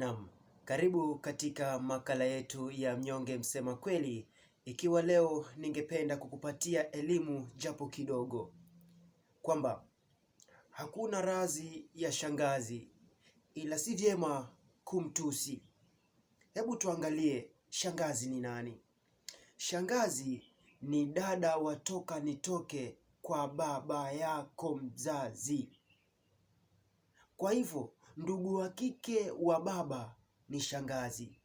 Naam, karibu katika makala yetu ya mnyonge msema kweli. Ikiwa leo ningependa kukupatia elimu japo kidogo, kwamba hakuna razi ya shangazi, ila si vyema kumtusi. Hebu tuangalie shangazi ni nani? Shangazi ni dada watoka nitoke kwa baba yako mzazi. Kwa hivyo ndugu wa kike wa baba ni shangazi.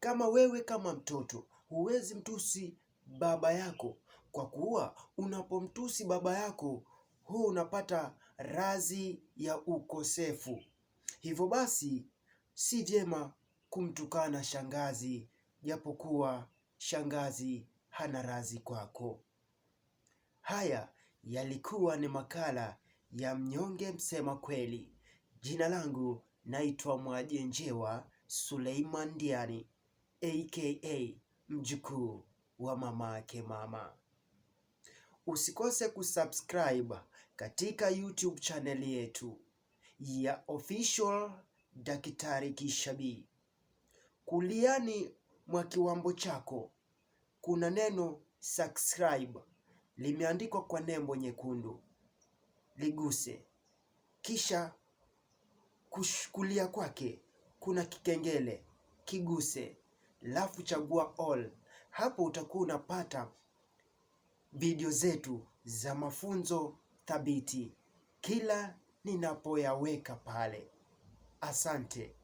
Kama wewe kama mtoto huwezi mtusi baba yako, kwa kuwa unapomtusi baba yako huu unapata radhi ya ukosefu. Hivyo basi si vyema kumtukana shangazi, japokuwa shangazi hana radhi kwako. Haya yalikuwa ni makala ya mnyonge msema kweli. Jina langu naitwa Mwajenjewa Suleiman Diani aka mjukuu wa yake mama. Usikose kusubscribe katika YouTube channel yetu ya Official Daktari Kishabi. Kuliani mwa kiwambo chako kuna neno subscribe limeandikwa kwa nembo nyekundu, liguse kisha Kulia kwake kuna kikengele, kiguse, lafu chagua all. Hapo utakuwa unapata video zetu za mafunzo thabiti kila ninapoyaweka pale. Asante.